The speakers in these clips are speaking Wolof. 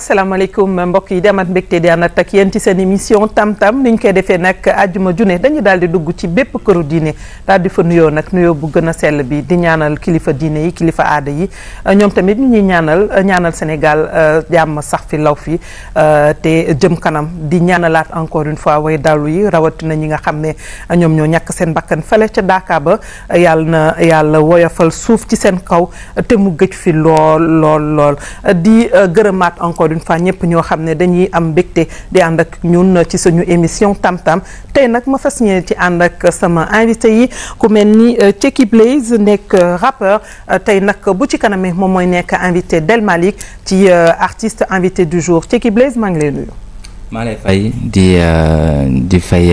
Assalamualaikum mbokk yi demat mbekté di ànd ak yéen sen émission tam-tam niñ koy défé nak aljuma june dañu daldi dugg ci bép këru diiné daal di fa nuyo nak nuyo bu gëna sel bi di ñaanal kilifa diiné yi kilifa aada yi ñom tamit ñi ñaanal ñaanal Sénégal euh, jàmm sax fi law fi euh, te jëm kanam di ñaanalat encore une fois way dalu yi na ñi nga xamné ñom ñoom ñoo ñàkk seen bakkan falé ci Daaka ba na yalla woyofal suuf ci sen kaw té mu gëj fi lol lol lol di euh, gërëmaat encore encore une ñëpp ñoo xam ne dañuy am mbégte di ànd ak ñun ci suñu émission tam-tam tey nag ma fas yéene ci ànd ak sama invité yi ku mel ni euh, Ceki Blaise nekk euh, rappeur euh, tey nag bu ci kanamee moom mooy nekk invité Del Malick ci artiste invité du jour Ceki Blaise maa ngi lay maa lay fay di di fay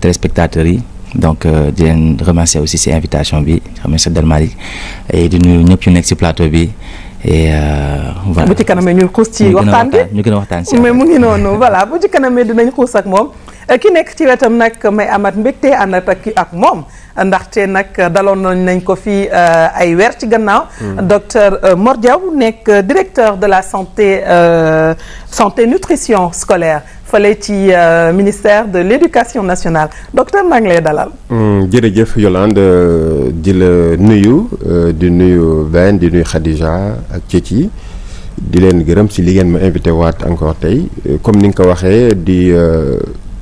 téléspectateurs yi. donc di leen remercier aussi ci invitation bi remercier Del Malick et di nuyu ñëpp ñu nekk ci plateau bi et euh, voilà bu ci kanamee ñu xuus ci waxtaan bi ñu gën a waxtaan si mais mu ngi noonu voilà bu ci kanamee dinañ xuus ak moom ki nekk ci wetam nag may amat mbégte ànd ak moom ndaxte nak dalon nañ ko fi euh, ay weer ci gannaaw. Hmm. docteur euh, Mor n'est que directeur de la santé euh, santé nutrition scolaire fallait ci ministère de l'éducation nationale docteur Manglé Dalal. lay dalal. Hmm, jërëjëf Yolande di la nuyu di nuyu Ben di nuyu Khadija ak Ceci. di len gërëm si li ngeen ma invité waat encore tay comme ni nga di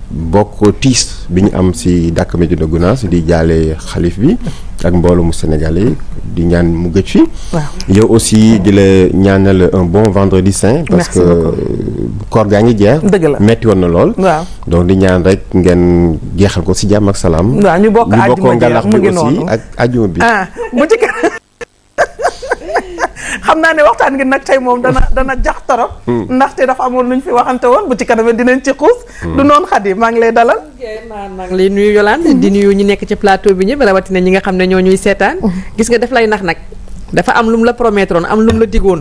bokk tiis bi ñu am si Dàkk Médina Gounass di jaale xalif bi ak mbooloo mu sénégalais di ñaan mu gëj fi yow aussi di la ñaanal un bon vendredi saint parce que koor gaa ngi jeex dëgg la metti woon na lool waaw donc di ñaan rek ngeen jeexal ko si jàmm ak salaam waaw ñu bokk àjjuma bi aussi ak àjjuma bi ah, xam naa ne waxtaan gi nag tey moom dana dana jax torop hmm. ndaxte dafa amoon lu ñu fi waxante woon bu ci kanamee dinañ ci xuus hmm. du noonu Khady maa ngi lay dalal maa ngi lay nuyu Yolande hmm. di nuyu ñu nekk ci plateau bi ñëpp rawatina ñi nga xam ne ñoo ñuy seetaan gis nga def lay nax nag dafa am lu mu la promettoon am lu mu la digoon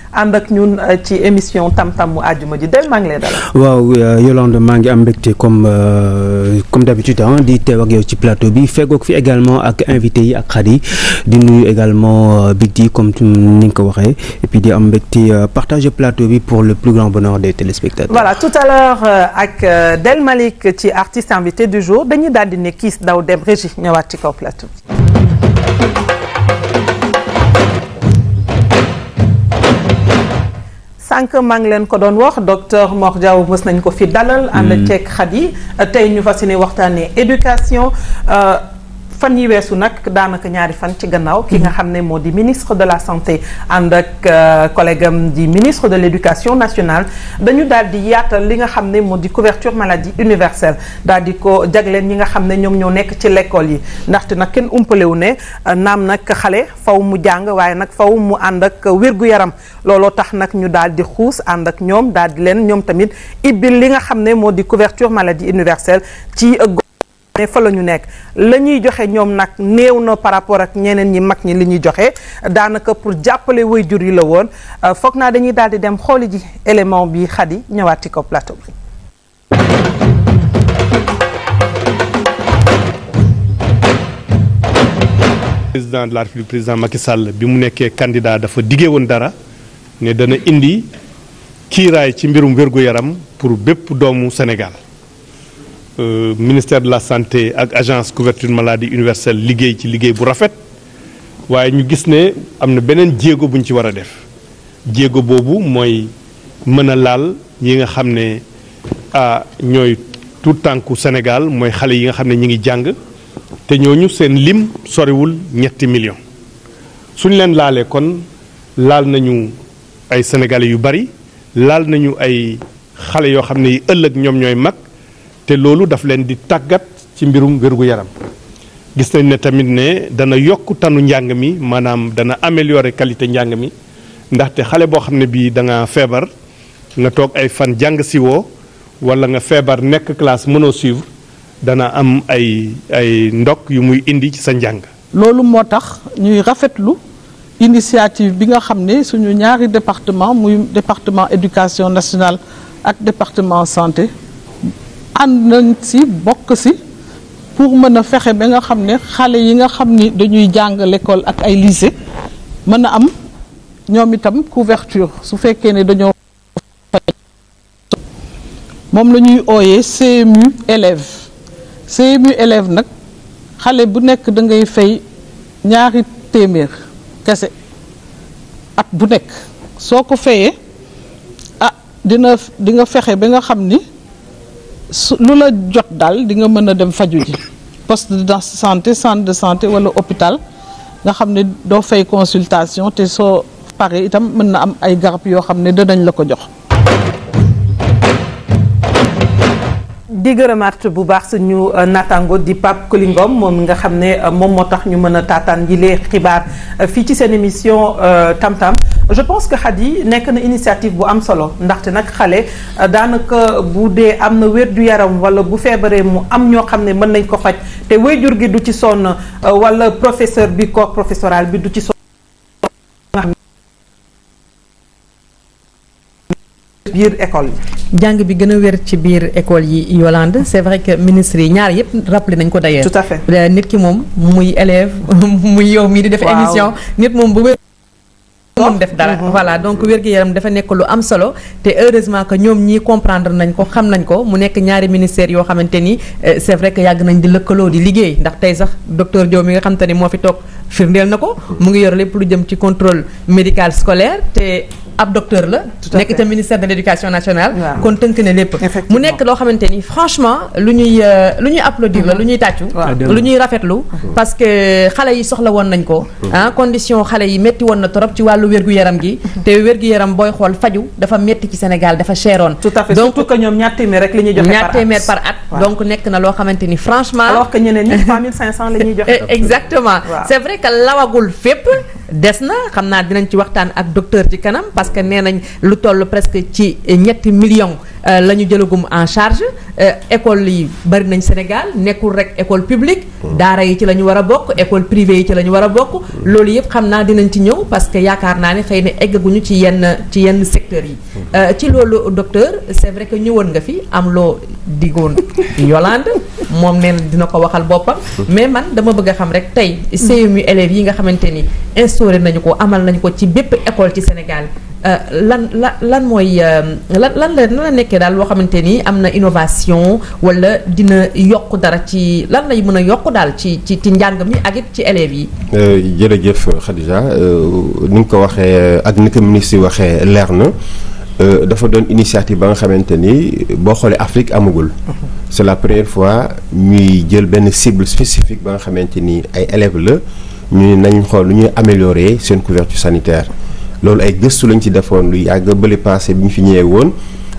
ànd ak ñun euh, ci émission tam-tam mu del Mang, ngi lay waaw euh, Yolande Mang, ngi comme euh, comme d'habitude hein di téw ak yow ci plateau bi feggoog fi également ak invité yi ak khadi di nuyu également Big comme ni ko et puis di am partager plateau bi pour le plus grand bonheur des téléspectateurs. voilà tout à l'heure ak Del Malik, ci artiste invité du jour dañuy dal di ne kiss daw dem régie ñëwaat ci ko plateau sànq maa ko don wax docteur Mor Diaw nañ ko fi dalal. ànd tay hmm. ñu éducation éducation. Euh, fan yi weesu nag daanaka ñaari fan ci gannaaw ki nga xam ne moo di ministre de la santé ànd ak euh, collègue am di ministre de l'éducation nationale dañu daal di yaatal li nga xam ne moo di couverture maladie universelle daal di ko jagleen ñi nga xam ne ñoom ñoo nekk ci lekkool yi ndaxte nag kenn umpalewu ne euh, naam nag xale faw mu jàng waaye nag faw mu ànd ak wérgu yaram looloo tax nag ñu daal di xuus ànd ak ñoom daal di leen ñoom tamit ibbil li nga xam ne moo di couverture maladie universelle ci ne fa la ñu nekk la ñuy joxe ñoom nag néew na par rapport ak ñeneen ñi mag ñi li ñuy joxe daanaka pour jàppale waajur yi la woon euh, foog naa dañuy daal di dem xooli ji élément bi Xadi ñëwaat ci président la République président Macky Sall bi mu nekkee candidat dafa diggee woon dara ne dana indi kiiraay ci mbirum wérgu yaram pour bépp doomu Sénégal. Euh, ministère de la santé ak agence couverture maladie universelle liggéey ci liggéey bu rafet waaye ñu gis ne am na beneen jéego bu ñu ci war a def jéego boobu mooy mën a laal yi nga xam ne ah ñooy tout tànku Sénégal mooy xale yi nga xam ne ñu ngi jàng te ñu seen lim soriwul ñetti million suñ leen laalee kon laal nañu ay sénégalais yu bari laal nañu ay xale yoo xam ne yi ëllëg ñoom ñooy mag. te loolu daf leen di tàggat ci mbirum wér yaram gis nañ ne tamit ne dana yokk tanu njàng mi maanaam dana améliorer qualité njàng mi ndaxte xale boo xam ne bii da nga feebar nga toog ay fan jàng siwo woo wala nga feebar nekk classe mënoo suivre dana am ay ay ndokk yu muy indi ci sa njàng. loolu moo tax ñuy rafetlu initiative bi nga xam ne suñu ñaari département muy département éducation nationale ak département santé. ànd nañ si bokk si pour mën fexé ba nga xamné xalé yi nga xam dañuy jàng l'école ak ay lycée mën am ñom itam couverture su féké né dañoo mom lañuy ñuy CMU élève CMU élève nak xalé bu nek da ngay fay ñaari témèr kessé at bu nek soko ko ah dina di nga fexé ba nga xam su lu la jot daal di nga mën dem faju ji poste de santé centre de santé wala hôpital nga xamné do fay consultation té so paree itam mën am ay garab yo xamné ne la ko jox di gërëmaat bu baax ñu euh, naataango di Pape Kolingom moom nga xam ne euh, moom moo tax ñu mën a taataan yi lee xibaar euh, fii ci seen émission tam-tam je pense que yi nekk na initiative bu am solo ndaxte nag xale daanaka bu dee am na wér du yaram wala bu feebaree mu am ñoo xam ne mën nañ ko faj te wéyjur gi du ci sonn wala professeur bi corps professoral bi du ci sonn biir école jang bi gëna wër ci biir école yi Yolande c'est vrai que ministre ñaar yépp rappelé nañ ko d'ailleurs tout à fait euh, nit ki mom muy élève muy yow mi di def émission nit mom bu oh. mom def dara mm-hmm. voilà donc wér gi yaram dafa nek lu am solo té heureusement que ñom ñi comprendre nañ ko xam nañ ko mu nek ñaari ministère yo xamanteni euh, c'est vrai que yag nañ di lekkelo di liggéey ndax tay sax docteur diow mi nga xamanteni mo fi tok firndel nako mu ngi yor lepp lu jëm ci contrôle médical scolaire té ab docteur la nek ministère de l'éducation nationale kon ne lepp mu nek lo xamanteni franchement luñuy euh, luñuy applaudir la mm-hmm. ah, mm-hmm. parce que xalé yi soxla won nañ ko mm-hmm. ah, condition xalé yi metti ci yaram gi te yaram faju dafa metti Sénégal dafa tout à fait surtout que rek par donc na franchement alors que ñeneen 3500 joxe eh, exactement c'est vrai que lawagul des na xam naa dinañ ci waxtaan ak docteur ci kanam parce que nee nañ lu toll presque ci ñetti million euh, la ñu jëlagum en charge euh, école yi bari nañ Sénégal nekkul rek école publique. Hmm. daara yi ci la ñu war a bokk école privée yi ci la ñu war a bokk. Hmm. loolu yëpp xam naa dinañ ci ñëw parce que yaakaar naa ne xëy na eggaguñu ci yenn ci yenn secteur yi. Hmm. Euh, ci loolu docteur c'est vrai que ñëwoon nga fi am loo digoon Yolande moom nee dina ko waxal boppam. mais man dama bëgg xam rek tey. yi nga xamante ni instauré nañu ko amal école Sénégal euh, euh, lan lan lan innovation wala dina dara a dal ci ci ci ak ci élèves yi. Euh, Khadija ko ak initiative ba nga mhm. c'est la première fois ñuy jël béné cible spécifique ba nga ay ñu ne nañ xool lu ñuy améliorer seen couverture sanitaire loolu ay gëstu lañ ci defoon lu yàgg bële passé bi ñu fi ñëwee woon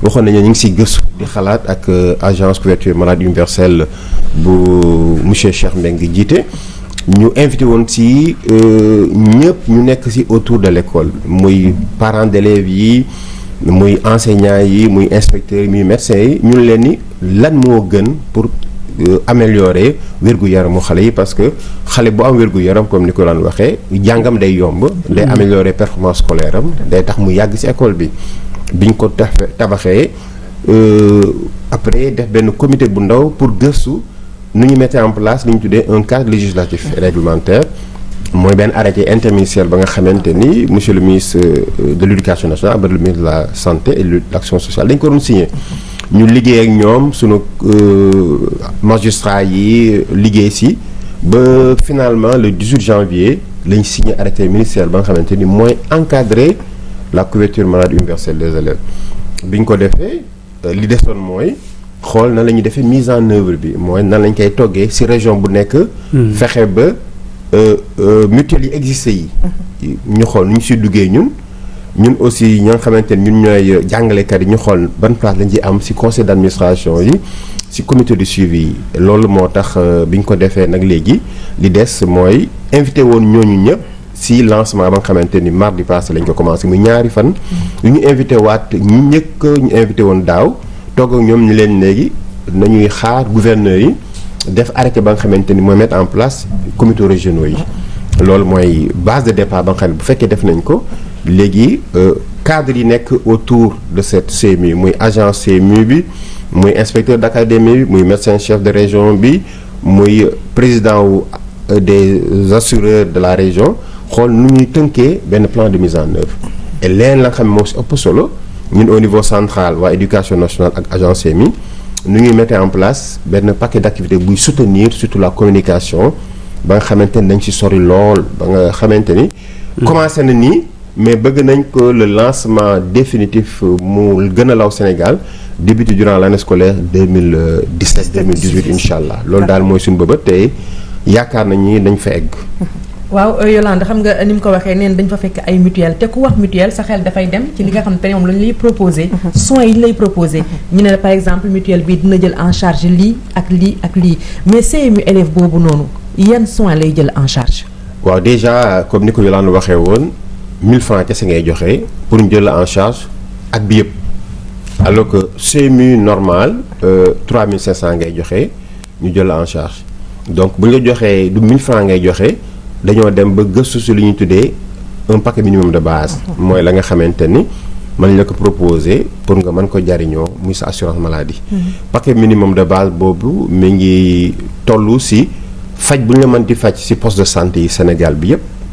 waxoon nañu ñu ngi si gëstu di xalaat ak euh, agence couverture maladie universelle bu monsieur Cheikh Mbengue jiite ñu invité woon si euh, ñëpp ñu nekk si autour de l'école muy parents d'élèves yi muy enseignants yi muy inspecteurs yi muy médecins yi ñun leen ni lan moo gën pour euh, améliorer wér-gu-yaramu xale yi parce que xalé bu am wergu yaram comme ni ko daan waxee jàngam day yomb day mm-hmm. améliorer performance scolaire am day tax mu yagg ci école bi biñ ko euh après def ben comité bu ndaw pour gëstu nu ñu mettre en place liñ tuddé un cadre législatif mm-hmm. réglementaire moy ben arrêté interministériel ba nga xamanteni monsieur le ministre euh, de l'éducation nationale le ministre de la santé et de l'action sociale dañ ko doon signé mm-hmm ñu liggéey ak ñoom suñu euh, magistrat yi liggéey si ba finalement le 18 janvier lañ signé arrêté ministériel ba nga xamante ni mooy encadrer la couverture maladie universelle des élèves bi ñu ko defee euh, li desoon mooy xool nan la ñuy defee mise en œuvre bi mooy nan lañ koy toggee ci région bu nekk hmm. fexe ba euh, mutuelle yi existé yi hmm. ñu xool nu ñu ci duggee ñun ñun aussi ñoo xamante ne ñun ñooy jàngalekat yi ñu xool ban place lañ ci am si conseil d' administration yi si commité du suivi yi loolu moo tax euh, bi ñu ko defee nag léegi li des mooy invité woon ñooñu ñëpp si lancement ba nga xamante ni mardi passé lañ ko commencé muy ñaari fan. ñu mm-hmm. ñu invité waat ñi njëkk ñu invité woon daaw toog ñoom ñu leen léegi nañuy xaar gouverneur yi def arrêté ba nga xamante ni mooy mettre en place comité régionaux yi. Mm-hmm. loolu base de départ ba bu fekkee def nañ ko. Légui, euh, cadre yi nek autour de cette CMU les agent CMU bi muy inspecteur d'académie, académie médecin chef de région bi présidents président euh, des assureurs de la région xol nu ñuy un un plan de mise en œuvre et là, la avons xam ne solo au niveau central l'éducation éducation nationale ak agence CMU nu ñuy mettre en place un paquet d'activités pour soutenir surtout la communication ba nga xamante ni dañ sori lool ba mais bëgg nañ ko le lancement définitif euh, mu gën a law Sénégal débuté durant l'année scolaire 2017 2018 inch'allah allah loolu daal mooy suñu bëbët tey yaakaar nañ ni dañ fa egg waaw euh, Yolande xam nga euh, ni ko waxee neen dañ fa fekk ay mutuelle te ku wax mutuelle sa xel dafay dem ci li nga xam te ne moom lañ lay proposé soins yi lay proposé ñu ne par exemple mutuelle bi dina jël en charge lii ak lii ak lii mais CMU élève boobu noonu yan soins lay jël en charge waaw déjà comme ni ko Yolande waxee woon 1000 francs kese ngay pour une en charge à bi alors que CMU normal 3500 euh, ngay joxe ñu en charge donc bu ñu 1000 francs ngay joxe dañoo dem ba gëstu si li un paquet minimum de base. mooy la nga xamante ni man la ko proposé pour que man ko jariñoo muy sa assurance maladie. Mm-hmm. paquet minimum de base c'est mi ngi toll si fait bu ñu poste de santé Sénégal bi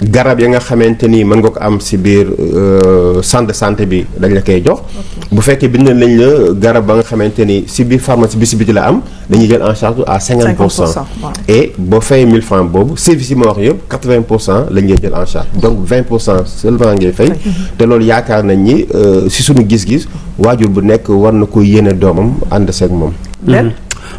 garab ya nga xamante am si biir euh, centre de santé bi dañ la koy jox. bu la garab ba si la am en charge à. 50 pour cent et boo fay 1000 francs boobu service yi wax 80 pour cent lañ en charge donc 20 seulement fay. Mm-hmm. ni euh, si suñu gis-gis waajur bu nekk war na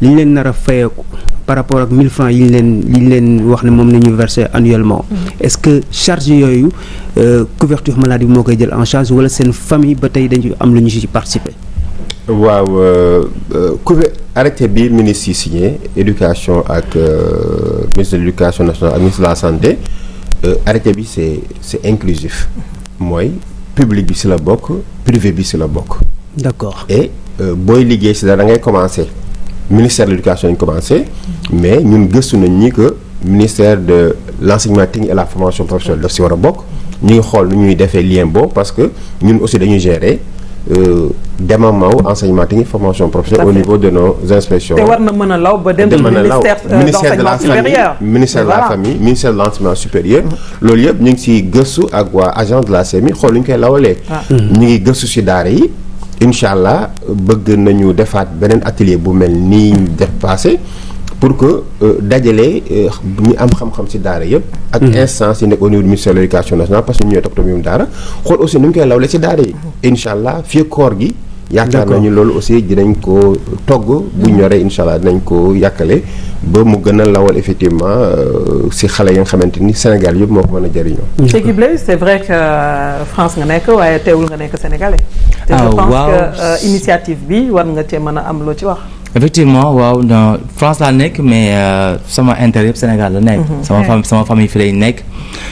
li ñu leen nar par rapport ak 1000 francs yi ñu leen yi leen wax ne moom la ñu annuellement. Mm-hmm. est-ce que charge yooyu euh, couverture maladie moo koy jël en charge wala seen famille ba tey dañu am lu ñu ci participer. waaw euh, euh, couver arrêté bi ministre yi éducation ak ministre de l'éducation nationale ak ministre de la santé arrêté bi c'est c'est inclusif mooy public bi ci la bokk privé bi la bokk. d'accord et booy liggéey ci da ngay commencer ministère de l'éducation a commencé mais nous sommes sommes que que ministère de l'enseignement et la formation professionnelle de si war a bokk ñu parce que nous aussi dañuy gérer euh, moments où enseignement et formation professionnelle au niveau de nos inspections. Euh, ministère de l'enseignement supérieur ministère de la famille ministère de l'enseignement supérieur. le lieu nous ngi si de la CMI nous sommes ñu koy de ah. ñu ngi incha allah bëgg nañu defaat beneen atelier bu mel nii def passé pour que euh, dajale euh, ñi am xam-xam ci daara yëpp. ak mhm. instance yi nekk au niveau du ministère de l' nationale parce que ñu ñooy toppatoo mbirum daara xool aussi nu ñu koy lawle ci daara yi. incha fii koor gi. yaakaar nañu loolu aussi dinañ ko togg bu ñoree incha allah dinañ ko yàkkale ba mu gën a lawal effectivement euh, si xale yi nga xamante ni Sénégal yëpp moo ko mën a jëriñoo. Cheikh Iblaye c'est vrai que euh, France nga nekk waaye teewul nga nekk sénégalais. Ah, te je pense que euh, initiative bi war nga cee mën a am loo ci wax. effectivement waaw dans France l'a nekk mais euh, sama intérêt au Sénégal la nekk. Mhm. sama ça sama famille fi lay nekk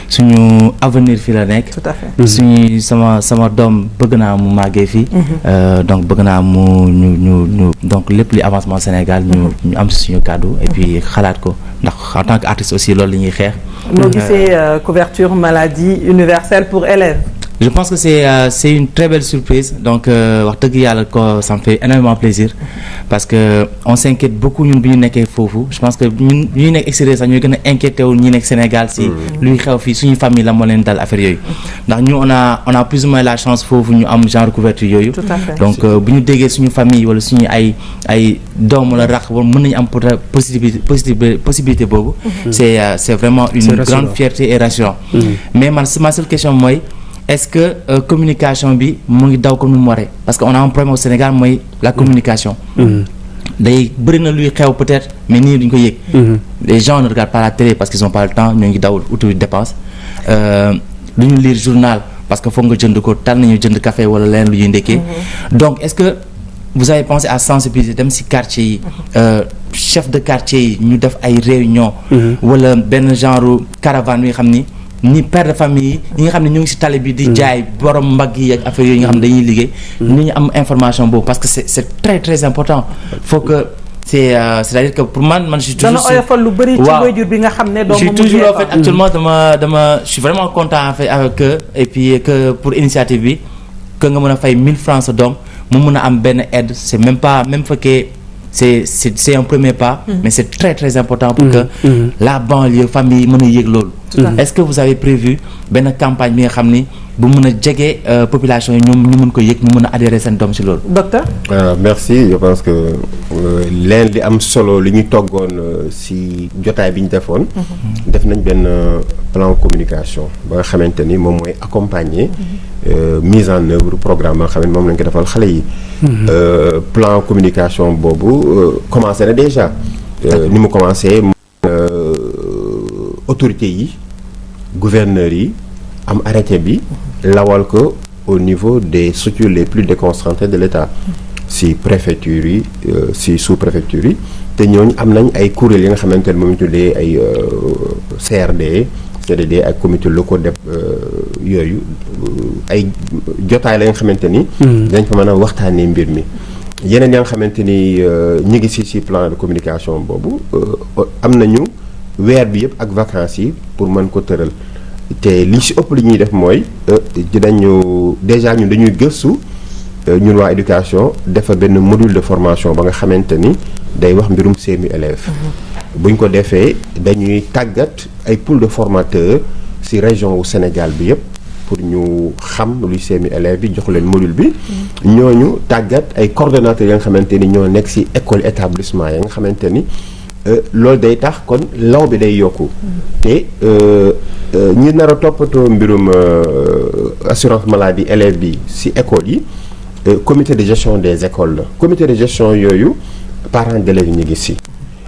suñu avenir fi la nekk. tout à fait suñu sama sama doom bëgg naa mu màggee fii. Mhm. Euh, donc beaucoup naa mu ñu ñu donc lépp li avancement Sénégal ñu nous mhm. am suñu cadeau et puis xalaat ko ndax en tant qu'artiste aussi loolu la ñuy xeex. noo euh, couverture maladie universelle pour élèves je pense que c'est euh, c'est une très belle surprise donc euh, wax dëgg yàlla ko ça me fait énormément plaisir parce que on s'inquiète beaucoup ñun bu ñu nekkee je pense que ñun ñuy nekk Nous sax ñooy gën a ñi nekk Sénégal si mm. luy xew fii suñu famille la moo leen dal affaire yooyu ndax on a on a plus ou moins la chance nous ñu am genre couverture yooyu donc euh, bu ñu déggee suñu famille wala suñu ay ay doom la rax wala mën nañu am possibilité possibilité boobu mm-hmm. c'est euh, c'est vraiment une grande fierté et rassurant mm. mais man ma seule question moi est-ce que euh, communication bi mu daw comme parce qu'on a un problème au Sénégal moy la communication. Mm-hmm. day bëri na luy xew peut-être mais ni duñ ko mm-hmm. les gens ne regardent pas la télé parce qu'ils ont pas le temps ñoo ngi daw outil de dépense euh, du lire journal parce que foog nga jënd ko tal ñu jënd café wala lén lu ñuy mm-hmm. donc est-ce que vous avez pensé à sensibiliser même si quartier Euh, chef de quartier nous ñu def ay réunion wala Ben genre caravane yi xamni ni père de famille yi nga xamné ñu ngi ci talé bi di mm. jaay borom mbagg yi ak affaire yi nga xamné dañuy liggé mm. ni am information bo parce que c'est c'est très très important faut que c'est euh, c'est-à-dire que pour man man je suis toujours oyofal lu bari ci waajur bi nga xamné do doom je suis toujours en fait actuellement dama dama je suis vraiment content en fait avec eux et puis que pour initiative bi que nga mëna fay 1000 francs dom mu mëna am ben aide c'est même pas même que c'est un premier pas, mm-hmm. mais c'est très très important pour que mm-hmm. Mm-hmm. la banlieue, famille, mën Est-ce que vous avez prévu une campagne pour que la population et nous ñu mën ko ñu adhérer docteur. Euh, merci je pense que euh, l'un des am solo li ñu si euh, jotaay bi un téléphone def nañ un plan de communication ba maintenir mon accompagné euh, mise en œuvre programme xamne mom lañ ko defal mhm. euh, plan communication bobo euh, commencé déjà. nous mu commencé autorité yi gouverneur yi am arrêté bi lawal ko au niveau des structures les plus déconcentrées de l'État si préfecture si sous préfecture nous te ñooñu am nañ ay courriel yi nga xamantene mom CRD. cere CDD ak comité locaux de euh, yooyu euh, ay jotaay la nga xamante ni. Hmm. dañ fa mën a waxtaanee mbir mi. yeneen ya nga xamante ni euh, ñu ngi si si plan de communication boobu am nañu weer bi yëpp ak vacance yi pour mën ko tëral te li si ëpp li ñuy def mooy dañu déjà ñun dañuy gëstu ñun waa éducation defa benn module de formation ba nga xamante ni day wax mbirum semi élèves. Hmm. buñ ko defee dañuy tàggat ay pool de formateurs ci région au Sénégal bi pour ñu xam luy seemi élèves bi jox module bi ñooñu tàggat ay coordonnateurs yi nga xamante ni ñoo nekk ci école établissement ya nga xamante ni euh, loolu day tax kon law bi day n'arrêtons pas euh, euh, ñi nar a mbirum assurance maladie élèves bi ci école yi comité de gestion des écoles comité de gestion yooyu parents d'élèves yi ñu gis ci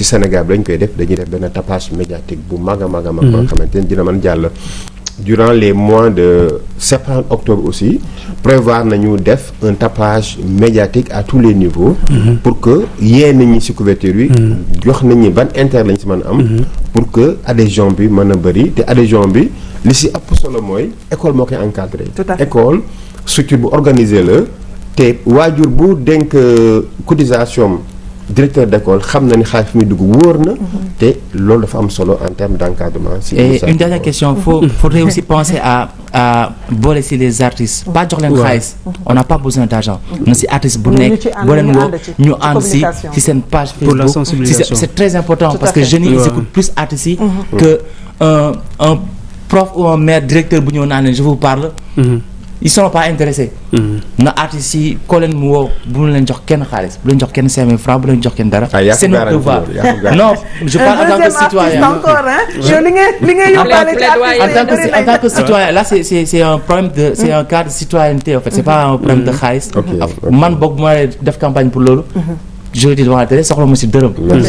ci Sénégal bi lañ koy def dañuy def tapage médiatique bu maga maga maga a mhm. dina durant les mois de septembre octobre aussi prévoir nañu def un tapage médiatique à tous les niveaux mhm. pour que yéne ñi ci couverture yi mhm. jox nañu ban intérêt lañ ci man am pour que adhésion bi mën a à des adhésion bi li ci ëpp solo à école ce koy vous école le bu ou à té wajur bu que euh, cotisation directeur d'école xam na ni vous mi dugg wóor na. Mhm. te dafa am solo en termes d'encadrement. une dernière question il mhm. faudrait aussi penser à à si les artistes. Mhm. pas jox leen on n'a pas besoin d'argent. na si artiste bu nekk boo ñu si page c'est très important parce que je n'ai plus artistes que un prof ou un maire directeur bu ñëw je vous parle. ils sont pas intéressés mm-hmm. na artistes yi koo leen mu woo bu jox kenn xaalis bu jox kenn cinq mille francs jox kenn dara ah, c'est notre devoir non je parle en tant que citoyen en tant que en tant que citoyen là c'est c'est un problème de c'est mm-hmm. un cadre de citoyenneté en fait c'est pas un problème de mm-hmm. xaalis man boog bu ma def campagne pour loolu je di wax dëgg soxla ma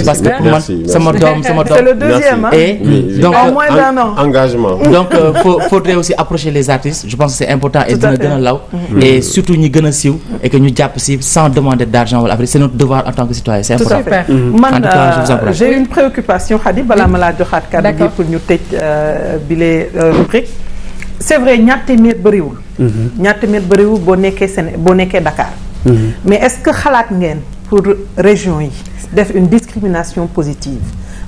parce que man sama doom sama doom. c'est le deuxième hein. et donc en moins d'un an engagement. donc euh, faut faudrait aussi approcher les artistes je pense que c'est important et de donner là law. Mm-hmm. et surtout nous gagner a et que nous jàpp si sans demander d'argent voilà c'est notre devoir en tant que citoyen c'est important. man j'ai une préoccupation Khady balaa ma de khat kàddu pour ñu tëj euh, billet euh, rubrique. c'est vrai ñaar téeméer bëriwul. Mm-hmm. ñaar téeméer bëriwul bo nekkee Séné boo nekkee Dakar. Mm-hmm. mais est-ce que Khalat ngène pour région d'être une discrimination positive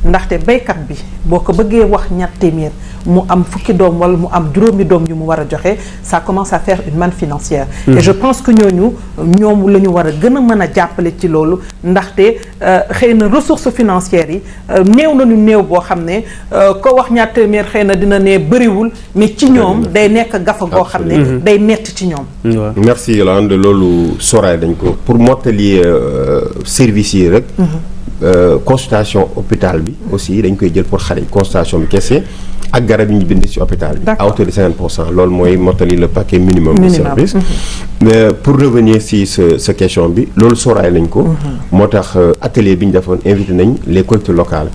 ndaxte baykat bi boko beugé wax ñat témir mu am fukki dom wal mu am juroomi dom ñu mu wara joxé ça commence à faire une manne financière. Mm-hmm. et je pense que ñooñu ñom la ñu war a gën a ci lolu ndaxte euh, xeyna ressources financières yi euh, néw nañu néw bo xamné euh, ko wax ñat témir xeyna dina né ne wul mais ci ñom day nekk gafa goo xamné day metti ci ñoom. Mm-hmm. merci Yolande lolu Soray dañ ko pour euh, service yi rek. Mm-hmm. Euh, consultation hôpital bi aussi dañ koy jël pour faire une consultation bi kese ak garab yi ñu bind ci hôpital bi à hauteur de 50 lool moy le paquet minimum de service mhm. mais pour revenir si ce ce question bi lool soray lañ ko mhm. motax euh, atelier biñ invité nañ les collectivités locales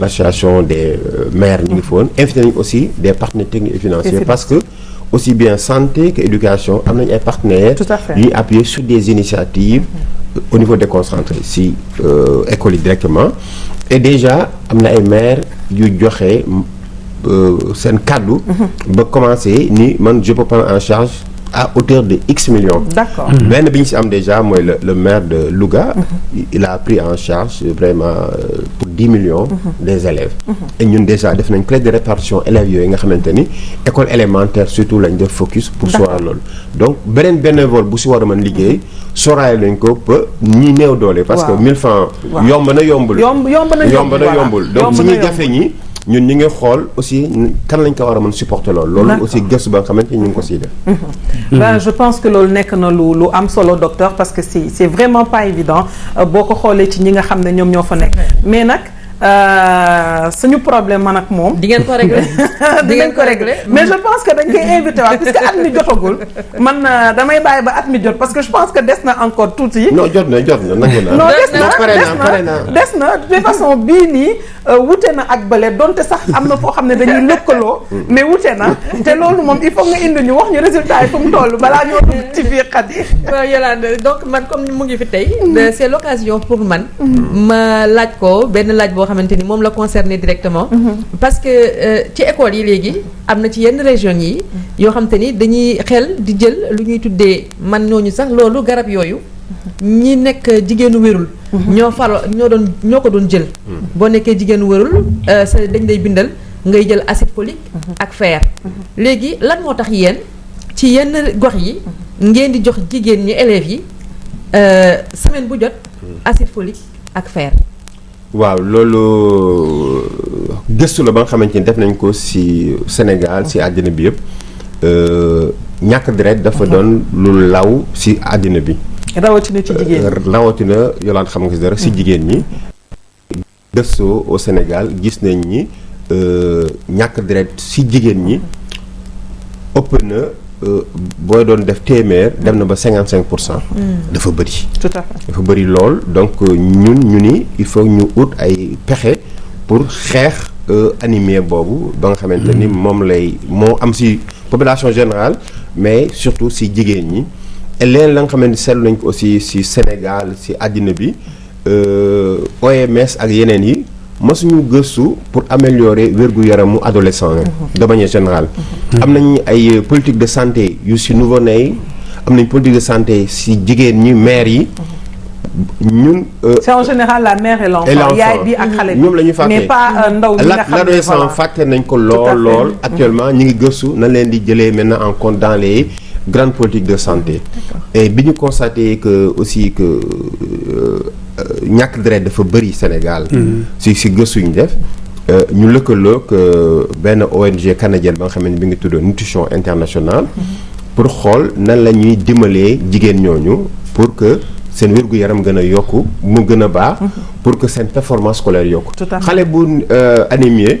l'association des euh, maires ñi fone invité aussi des partenaires techniques et financiers parce que aussi bien santé que éducation am ay partenaires yu appuyer sur des initiatives mhm au niveau concentrés si euh, école directement et déjà amna ay maire yu c'est euh, cadeau mhm. ba commencer ni man je peux prendre en charge à hauteur de X millions. D'accord. Mhm. Ben Binsi Am déjà, moi, le, maire de Louga, mhm. il a pris en charge vraiment euh, 10 millions des élèves. Et nous déjà fait une clé de répartition élèves qui nous ont école élémentaire surtout là nous focus pour soi lol. Donc ben bénévole pour soir mon ligue sera elle une coupe ni néo parce que 1000 francs yom bena yombul yom bena yombul donc si nous gaffons ñun ñi nga xool aussi kan lañ ko war a mën supporter loolu. loolu aussi gëstu ba nga xamante ñu ngi ko siy def. Mhm. ben je pense que loolu nekk na lu lu am solo docteur parce que c'est c'est vraiment pas évident euh, boo ko xoolee ci ñi nga xam ne ñoom ñoo fa nekk mais nag. Euh, suñu problème man ak moom. di ngeen ko régler di ngeen ko régler mais je pense que dañ koy invité parce puisque at mi jotagul man euh, damay bàyyi ba at mi jot parce que je pense que des na encore tuuti. non jot na jot na nangu non des na des na des na de façon bi ni euh, wute na ak balé donte sax amna fo xamné dañuy lekkolo mais wute na te loolu mom il faut nga indi ñu wax ñu résultat yi fu mu toll balaa ñoo dugg ci Yolande donc man comme mu ngi fi tay mm-hmm. c'est l'occasion pour man. ma laaj ko ben laaj boo xamante ni moom la concerné directement. parce que euh, ci école yi légui amna ci yenn région yi. yo xamante dañuy xel di jël lu ñuy tuddee man ñooñu sax lolu garab yoyu ñi nek jigéenu wërul ñoo falo ñoo don ñoko don jël. bo nekkee jigéenu wërul euh dañ lay bindal ngay jël acide folique. ak fer. légui lan moo tax yéen ci yenn gox yi. ngeen di jox jigéen ñi élèves yi euh semaine bu jot. acide folique ak fer. waaw loolu euh, gëstu la ba nga xamante ni def nañ ko si Sénégal si àddina bi yëpp euh, ñàkk deret dafa doon lu law si àddina bi. rawatina ci euh, rawatina yolaan xam nga si dara si hmm. jigéen ñi. gëstoo au Sénégal gis nañ ni ñàkk deret si jigéen ñi ëpp na. Euh, booy doon def téeméer dem na ba 55% cinq pour cent. Hmm. dafa bëri. tout à fait dafa lool donc euh, ñun ñuni il faut ñu out ay pexé pour faire euh, animer bobu ba nga xamanteni mom hmm. lay mo am si population générale mais surtout si jigéen ñi. et leen la nga xamanteni ni nañ ko aussi si Sénégal si adina bi OMS ak yenen yi masuñu gëstu pour améliorer wergu yaramu adolescent de manière générale mhm. am nañ ay politique de santé yu si nouveau-né am nañ politique de santé si jigéen ñi mère yi ñun. Euh, c'est en général la mère et l'enfant yaay bi ak xale bi mais pas euh, ndaw bi nga xam ne l'adolescent faté nañ ko lool lool mhm. actuellement ñi ngi gëstu na leen di jëlé maintenant en compte dans les grandes politiques de santé et biñu ñu constaté que aussi que euh, ñàkk deret dafa bëri Sénégal. Mm-hmm. si si gëstu ñu def. Euh, ñu lëkkaloog euh, benn ONG canadienne ba nga xam ne bi ngi tuddoo Nutrition international mm-hmm. pour xool nan la ñuy dimbalee jigéen ñooñu pour que seen wérgu yaram gën a yokku mu gën a baax. Mm-hmm. pour que seen performance scolaire yokku. xale bu euh, anémie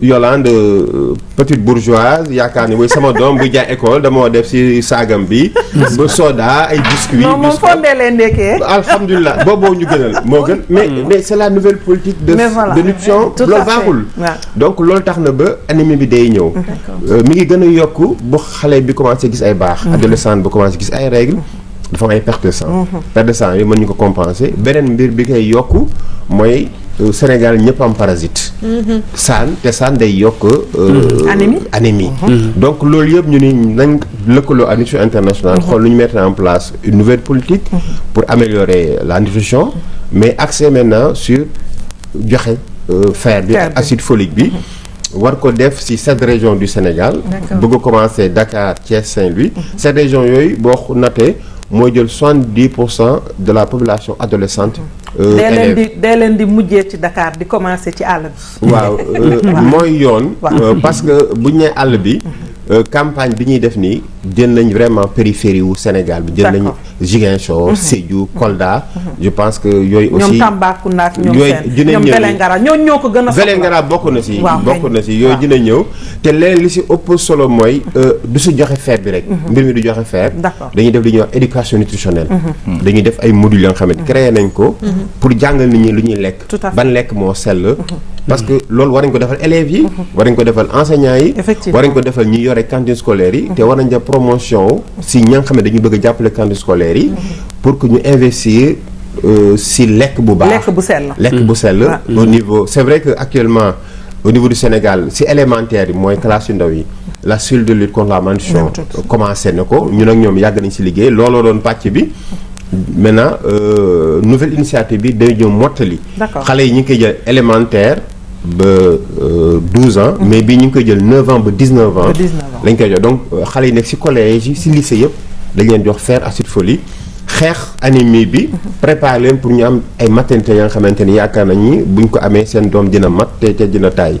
Yolande euh, petite bourgeoise quand même, sama qui bu une école dama def c'est ça, bi. le soda ay biscuits. non mon fond de ndekkee. alhamdulilah la, mais mm. mais c'est la nouvelle politique. de de nutrition donc tax na ba bi day ñëw. Euh, mi ngi a bu xale bi commencé gis ay baax. Mm dafa ay mhm. perte de sang. perte de sang yi mën ñu ko compenser beneen mbir bi koy yokk mooy euh, Sénégal ñëpp am parasite. Mhm. saan te saan day yokk. Euh, anémie anémie. Mhm. donc loolu yëpp ñu ni nañ lëkkaloo ak nutrition internationale. xool lu mettre en place une nouvelle politique. pour améliorer la nutrition. mais axée maintenant sur joxe euh, fer bi acide folique bi. war ko def ci sept régions du Sénégal. bëgg a commencer Dakar Thiès Saint-Louis. ces régions yooyu boo natee moi jël soixante de la population adolescente. dee lundi di dee leen di ci Dakar di commencer ci àll bi. waaw euh, moy yone euh, parce que bu ñu nee bi. Mhm. Euh, campagne bi def ni jël nañ vraiment périphérie au Sénégal bi jël nañ Ziguinchor mhm. Sédiou Kolda mhm. je pense que yoy aussi ñom Tambacounda ak a na na dina li solo euh, du joxe bi rek mhm. mbir mi du joxe éducation nutritionnelle dañuy def ay pour jàngal nit ñi lu ñuy ban parce que loolu war nañ ko defal élèves yi. Mhm. war nañ ko defal enseignants yi. war nañ ko defal ñi yore cantine scolaire yi. Mhm. te war nañ def promotion si ñi nga xam ne dañu bëgg a jàppale cantine scolaire yi. Mhm. pour que ñu investir euh, si lekk bu baax. lekk bu sell. lekk bu sell. au niveau c'est vrai que actuellement au niveau du Sénégal si élémentaire yi mooy classe yu ndaw yi. la cellule de lutte contre la malnutrition commencé na ko ñun ak ñoom yàgg nañ si liggéey looloo doon pàcc bi. maintenant euh, nouvelle initiative bi day ñëw mottali. xale yi ñu ngi koy jël élémentaire ba 12 euh, ans. mais bii ñu ngi koy jël 9 ans 19 ans. 19 ans lañ koy jox donc euh, xale yi nekk ci collège yi ci lycée yëpp dañ leen jox fer acide folique xeex anémie bi. préparer leen pour ñam ay matin ya nga xamante ni yaakaar nañ ni buñ ko amé sen doom dina mat té té dina taay.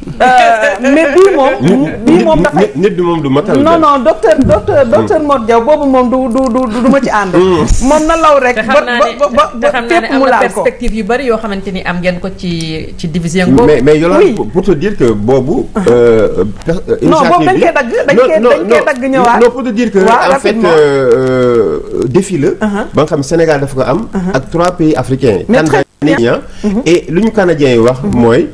Euh, mais bi mom bi mom dafa nit bi mom du matal. non non docteur docteur hmm. docteur Mor Diaw boobu moom du du du du ci ànd. mom hmm. na law rek. ba ba ba ba fépp mu laal ko perspective yu bari yo xamanteni am ngeen ko ci ci division. boobu mais mais Yolande pour te dire que boobu. initiative euh, bi euh, non boobu dañ koy dagg dañ koy dañ koy dagg ñëwaat. non pour te dire que en fait euh défi le uh-huh. ba xam Sénégal dafa ko am. Uh-huh. ak trois pays africains. mais très uh-huh. et luñu ñu yi wax moy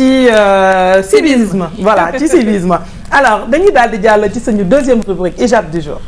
Euh, civisme voilà petit civisme alors nous avons di jàll deuxième rubrique Échappe du jour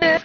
this.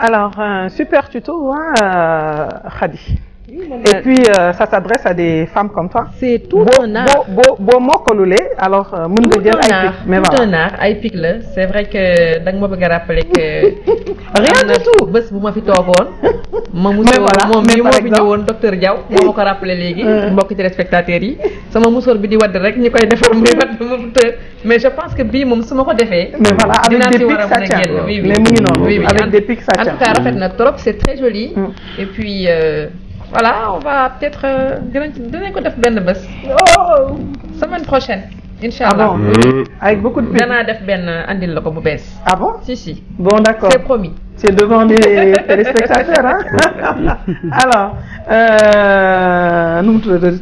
Alors, un super tuto, hein, euh, Khadi. Et puis, euh, ça s'adresse à des femmes comme toi. C'est tout mon mot, alors euh, mën nga jël ay pic mais voilà tout un art ay pic la c'est vrai que da nga ma bëgg a rappeler que. rien du tout bés bu ma fi toogoon. ma musóor moom mi moo fi ñëwoon docteur Diaw moo ma ko rappelé léegi. mbokk ci spectateurs yi sama musóor bi di wadd rek ñu koy defar muy wadd moom te mais je pense que bii moom su ma ko defee. mais voilà avec des pics ça tient oui oui mais mu ngi noonu avec des pics ça tient en tout cas mm. rafet na trop c' est très joli. Mm. et puis. Euh, voilà on va peut-être euh, dinañ ko def benn bés. Oh! semaine prochaine. Inch'Allah. Ah mm. avec beaucoup de Bien à def Ben, andil la bu ah bon si si. bon d'accord. c'est promis. c'est devant les téléspectateurs hein alors euh, nous mu euh,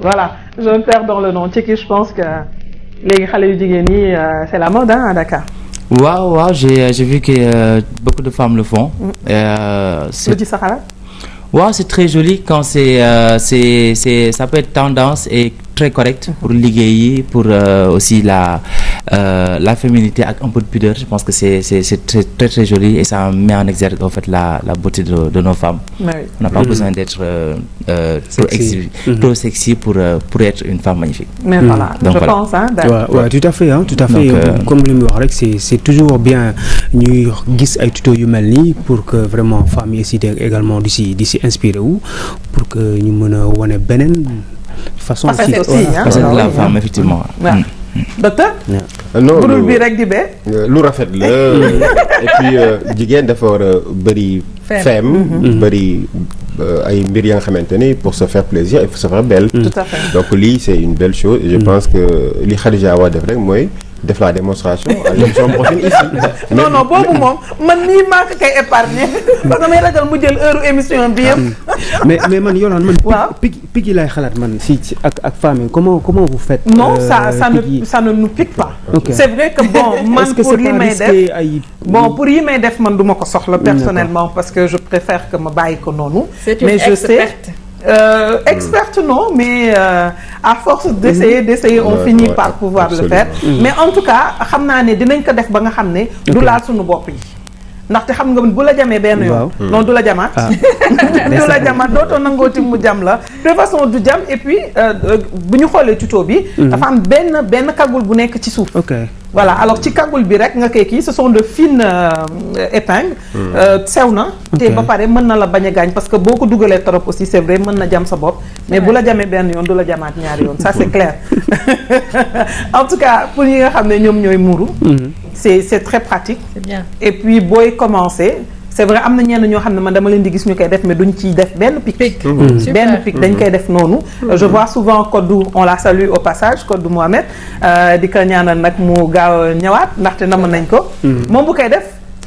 voilà je me perds dans le nom Ceki je pense que les xale du c'est euh, c'est la mode hein à Dakar. Waouh, waouh, j'ai j'ai vu que beaucoup de femmes le font. Mm. Euh, ça là? Waouh, c'est très joli quand c'est c'est c'est ça peut être tendance et très correct pour l'égayer pour euh, aussi la euh, la féminité avec un peu de pudeur je pense que c'est c'est très, très très joli et ça met en exergue en fait la la beauté de, de nos femmes bah on n'a pas mm-hmm. besoin d'être euh, euh mm-hmm. trop, sexy. pour euh, pour être une femme magnifique mais mm-hmm. voilà je pense hein tout à fait hein tout à fait comme le c'est c'est toujours bien new york ay tout yu mel pour que vraiment femmes ici également d'ici d'ici pour que nous menons a benen façon aussi hein. C'est de la ah femme effectivement docteur et puis euh, a pour se faire plaisir et se faire belle tout à fait donc c'est une belle chose je mhm. pense que li Khadija de la démonstration à eh, l'émission prochaine ici. non non boobu moom man nii maa ko koy parce que may ragal mu jël heure émission bi yëpp. mais mais man Yolande man. pique pique yi laay man si ak ak famille comment comment vous faites. non euh, ça ça ne ça ne nous pique pas. c'est vrai que bon man pour li may def bon pour yi may def man du ko soxla personnellement parce que je préfère que ma bàyyi ko noonu. mais je sais euh, experte non, mais euh, à force d'essayer, mm-hmm. d'essayer, on finit par pouvoir le faire. Mais en tout cas, xamna ne dinañ ko def ba nga xamné du suñu xam nga bu la non la nous du la ah. doto mu la. de façon du jam et puis euh, tuto bi. Mm-hmm. dafa am ben ben kagul bu nek ci voilà alors ce sont de fines euh, épingles. C'est hmm. euh, na. ba la parce que de ko trop aussi c'est vrai jam sa mais bu la bien ne ça c'est clair en tout cas pour nga hmm. c'est très pratique. bien et puis booy commencer. C'est vrai am na ñoo xamne man dama leen di gis ñukay def mais duñ def je vois souvent Kodou on la salue au passage Kodou Mohamed euh, di ko ñaanal nak mu gaaw a ndax te nam nañ ko. Hmm. bu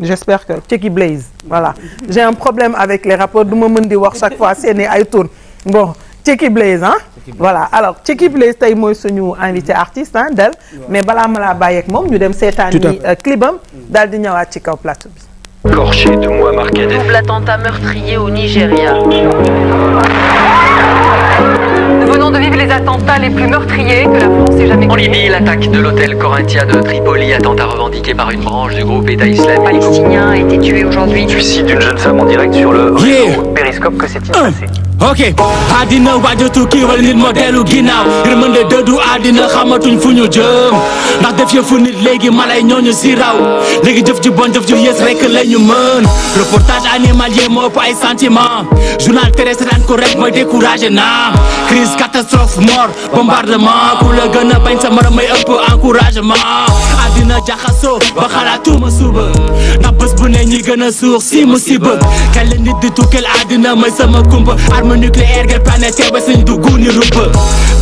j'espère que Checky Blaze voilà j'ai un problème avec les rapports du ma dis chaque fois tour bon Checky Blaze hein? voilà alors Checky Blaze moi qui invité artiste hein? mais Nous nous ñu dem euh, plateau Corché de moi Double attentat meurtrier au Nigeria. Nous venons de vivre les attentats les plus meurtriers que la France ait jamais connus. En Libye, l'attaque de l'hôtel Corinthia de Tripoli, attentat revendiqué par une branche du groupe État islamique. Palestinien a été tué aujourd'hui. Suicide d'une jeune femme en direct sur le yeah. périscope que c'est il ok ñu mën reportage animalier moo ëpp ay sentiment journal terrestre daan ko rek mooy découragé na crise catastrophe mort bombardement ku la gën a bañ sa morom may ëpp encouragement àddina jaxasoo ba xalaatuma suba ndax bés bu ne ñi gën a suux si musiba kelle nit di tukkeel àddina may sama kumba arme nucléaire guerre planétaire ba suñ dugg ni rubba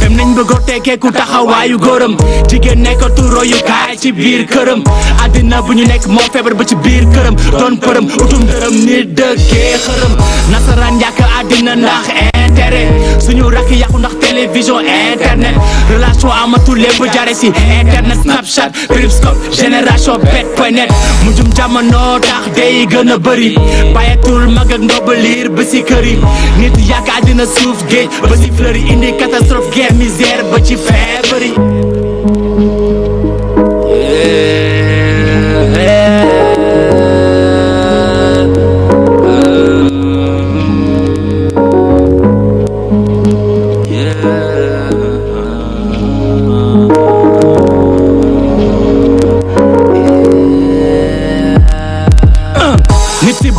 dem nañ ba góor tekkeeku taxawaayu góoram jigéen nekkatu royukaay ci biir këram àddina bu ñu nekk moo feebar ba ci biir këram doon përëm utum dërëm ni dëkkee xërëm nasaraan yàq adina ndax intérêt suñu rakk yàqu ndax télévision internet relation amatul lépp jare si internet snapchat periscope génération bet point net mujjum jamono tax day gëna a bëri bàyyetul mag ak ndob lire ba si kër yi nit yàq adina suuf géej ba si fleur indi catastrophe guerre misère ba ci feebar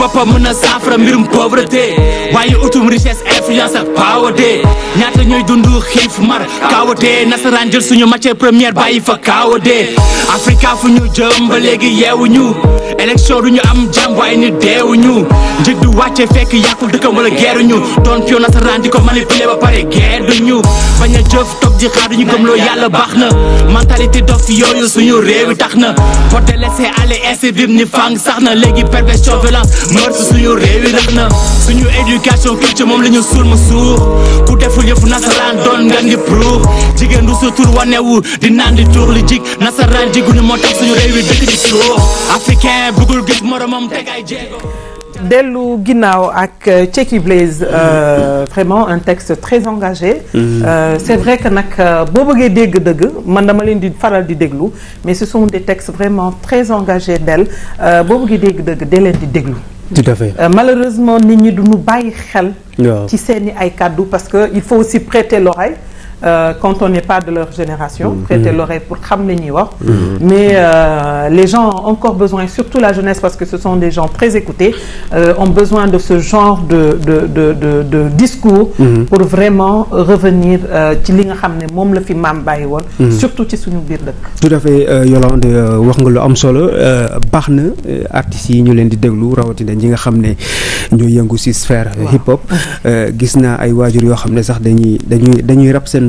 papa munazaf la mbirum pauvreté waaye utum richesse influence ak ñaata ñooy dund xiif mar kaawatee nasaraan jël suñu matière première bàyyi fa kaawatee Afrika ñu jëm ba léegi yeewuñu élection du ñu am jàmm waaye ni deewuñu njëg du wàcce fekk yàqul dëkkam wala geeruñu doon pion nasaraan di ko manipuler ba pare geeduñu bañ a jëf toog ji xaar duñu gëm loo yàlla baax na mentalité dof yooyu suñu réewi tax na porte laisser aller insévir ni fang sax na léegi perversion violence bi dëkk na suñu éducation culture moom la ñu suul mu suur ku deful yëfu nasaraan doon nga ngi pruur jigéen du surtout wanewu di naan di tuur li jig nasaraan jiguñu moo tax suñu réew yi dëkk di suur africain bëggul gis moromam teg ay jéego dellu ginnaaw ak euh, Cheikh Blaise euh, mm-hmm. vraiment un texte très engagé. Mm-hmm. Euh, c'est vrai que nak euh, bo beugé dégg dëgg man dama len di faral di déglu mais ce sont des textes vraiment très engagés d'elle boo bëggee dégg dëgg dee leen di déglu. Euh, malheureusement nous ne nous bàyyi pas ci seen i ay parce que il faut aussi prêter l'oreille euh, quand on n'est pas de leur génération. prêter mm-hmm. l'oreille pour xam li wax. Mm-hmm. mais euh, les gens ont encore besoin surtout la jeunesse parce que ce sont des gens très écoutés euh, ont besoin de ce genre de de de de de discours. Mm-hmm. pour vraiment revenir euh, ci li nga xam ne moom la fi surtout ci suñu biir tout à fait euh, Yolande euh, wax nga lu am solo baax na artistes yi ñu leen di déglu rawatina ñi nga xam ne ñoo yëngu ci sphère hip hop. gis naa ay waajur yoo xam ne sax dañuy dañuy dañuy rap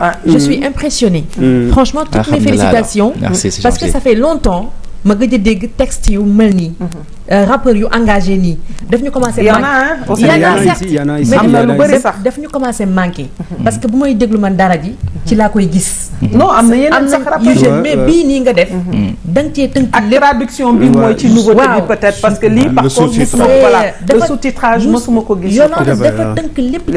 Ah, je suis mm. impressionnée. Mm. Franchement, toutes ah, mes félicitations. Merci, parce que ça fait longtemps ma gëj a dégg yu mel nii. Mhm. Euh, rappeurs yu engagé nii. daf ñu commencé y a manqué. parce que bu may déglu man dara ji. ci koy non sax mais nga def. Mhm. traduction peut-être parce que par contre voilà le sous-titrage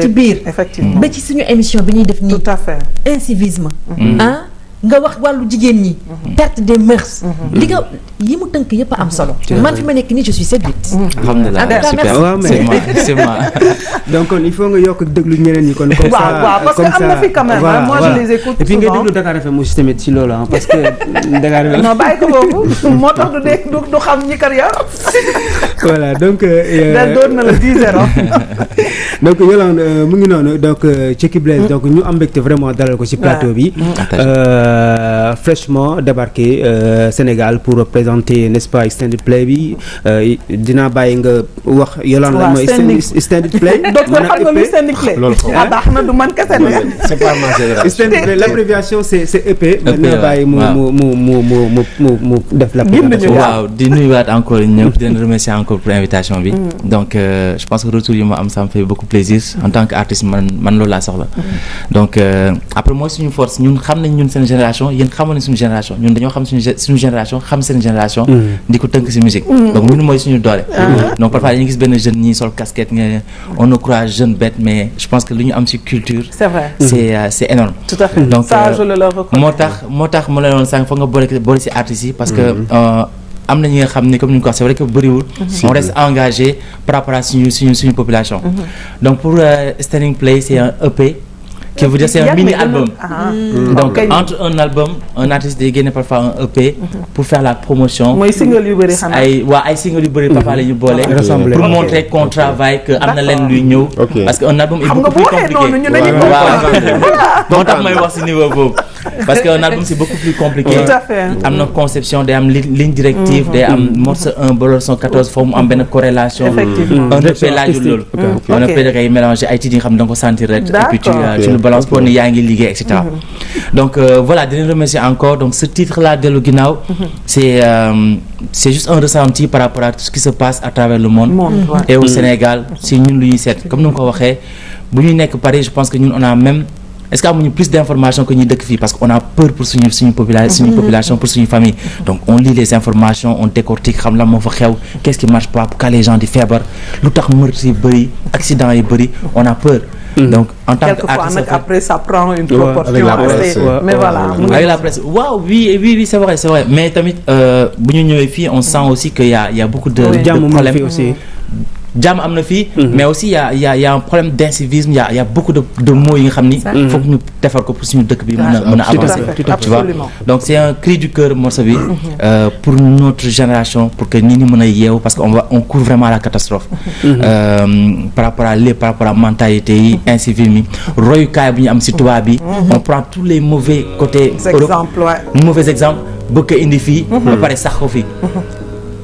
ci biir. effectivement émission tout à fait incivisme mhm. ah? nga wax walu jigen ñi. Mhm. perte des mœurs. Mhm. li nga yi mu tënk yëpp am solo. Mhm. man fi ma nek ni je suis séduite. alhamdulilah super waaw mais c'est moi donc kon il faut nga yok déglu ñeneen ñi kon. comme ça waaw waaw parce que am na fi quand même hein. moi je les écoute et puis nga déglu Dakar FM aussi tamit ci loolu hein, parce que Dakar FM. non bay ko boobu moo tax du dégg du xam ñi kër ya. voilà donc. Euh, dal euh, doon na la 10h. Hein. donc Yolande euh, mu ngi noonu donc Cekki Blaise mm. donc ñu am mbégte vraiment dalal ko ci plateau bi. euh euh, fraîchement débarqué euh, Sénégal pour présenter n'est-ce pas extended play bi euh, Dina bàyyi nga wax yolaan la mooy extended play donc xam nga lu e extended play ah baax na du man kese la extended play l'abréviation c'est c'est EP e maintenant Baye, mu mu mu mu mu mu mu def la présentation waaw di nuyuwaat encore ñëpp di leen remercier encore pour l'invitation. bi mm. donc euh, je pense que retour yi ma am ça me fait beaucoup plaisir en tant qu'artiste man man loolu laa soxla mm. donc euh, après moi, c'est une force ñun xam nañ ñun seen génération yéen xamone nañ suñu génération ñun dañu xam suñu génération xam seen génération mm. diko teunk ci musique mm. donc ñun moy suñu doole ah. donc parfois dañuy gis ben jeune ñi sol casquette nga on ne croit jeune bête mais je pense que lu ñu am ci culture c'est vrai c'est mm-hmm. euh, c'est énorme tout à fait donc euh, le reconnais motax motax mo la don sang fa nga boole boole si yi parce que mm-hmm. euh, am na ñi nga xam comme ñu ko wax c'est vrai que bëriwul mm-hmm. on reste engagé par rapport à suñu suñu population donc pour Standing Play c'est un EP qui veut dire c'est un mini-album. Ah, ah. mm. mm. Donc, mm. entre un album, un artiste est gagner parfois un EP mm-hmm. pour faire la promotion. Moi, single ay wa ouais, single libéré, parfois les bolé. Pour montrer qu'on travaille, que Amna Len lui ñew Parce qu'un album est beaucoup plus compliqué. donc Mon may wax ci niveau bob. Parce qu'un album, c'est beaucoup plus compliqué. Tout à fait. Amna conception, des am ligne directive, mm-hmm. des am morceau 1, bolon 114, forme am ben corrélation. Un EP là, on a fait des mélanger, donc on sentit, et puis tu balance pour ne yaa mm-hmm. donc euh, voilà je remercie encore donc ce titre là de ginnaaw. Mm-hmm. c'est euh, c'est juste un ressenti par rapport à tout ce qui se passe à travers le monde. Mm-hmm. et au Sénégal si ñun lu comme nous le ko waxee Paris je pense que nous on a même. est ce qu'on a plus d'informations que nous de parce qu'on a peur pour suñu une population pour suñu famille donc on lit les informations on décortique xam la mauvaise ce qui marche pas pourquoi les gens des feebar lu tax accident et bruit on a peur. Mhm. donc en tant qu'artiste après ça prend une proportion mais voilà avec la presse waouh oui oui oui c'est vrai c'est vrai mais tamit euh, ñu ñëwee fii on sent mhm. aussi que y a y a beaucoup de problèmes aussi Jam am fi fille mhm. mais aussi y' a y' a y' a un problème d'incivisme il y' a y' a beaucoup de de mots yi nga xam ni. foog nous defar ko pour suñu dëkk bi. mën a avancer tu vois donc c'est un cri du cœur morceau bi. Mhm. Euh, pour notre génération pour que ni ni mën parce qu'on va on court vraiment à la catastrophe. Mhm. Euh, par rapport à les par rapport à mentalité yi incivisme yi bu ñu am ci tubaab bi. on prend tous les mauvais côtés. exemple mauvais exemple beaucoup ko indi fii. ba pare sax ko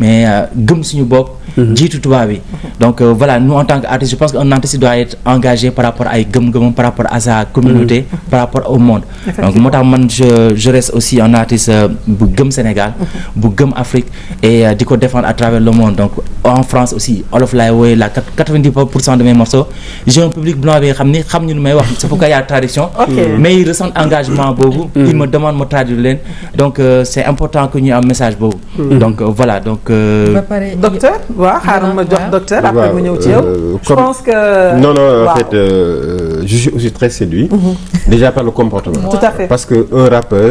mais euh, gëm suñu tout jitu à bi. donc euh, voilà nous en tant qu'artiste je pense qu'un artiste doit être engagé par rapport à par rapport à sa communauté. Mhm. par rapport au monde. donc moi je je reste aussi un artiste euh, bu gum Sénégal. Mhm. bu Afrique et du défendre à travers le monde donc en France aussi all of way la 90% de mes morceaux j'ai un public blanc avec nga xam c'est pourquoi il y a mais ils ressentent engagement beaucoup mhm. ils me demandent mon traduire donc c'est important que ait un message beaucoup donc voilà donc docteur docteur après euh, je pense que non non en fait euh, je suis très séduit. Mhm. déjà par le comportement. tout à fait parce que un rappeur.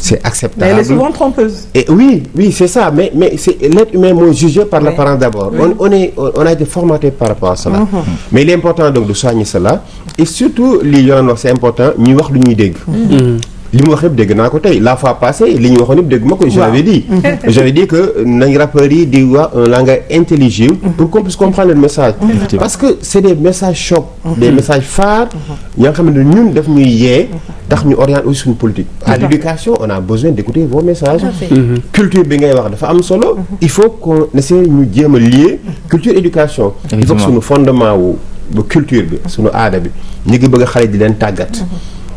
c'est acceptable. elle est souvent trompeuse. Et oui, oui, c'est ça. Mais, mais l'être humain est jugé par l'apparence d'abord. On, est, on a été formaté par rapport à cela. Mhm. Mm. Mais il est important donc de soigner cela. Et surtout, c'est important, nous voir l'unité li mu wax yëpp ko la fois passée li ñu waxoon yëpp dégg ma j'avais dit j'avais dit que nañ rappeurs di wax un langage intelligible pour qu'on puisse comprendre le message mm-hmm. parce que c'est des messages choc mm-hmm. des messages phares il mm-hmm. nga xam ne ñun daf ñuy yee tax ñu aussi une politique à l'éducation on a besoin d'écouter vos messages culture bi ngay wax solo il faut qu'on essaie de nous lier culture éducation il faut que fondements fondement de culture de son aada bi ñu ngi bëgg a di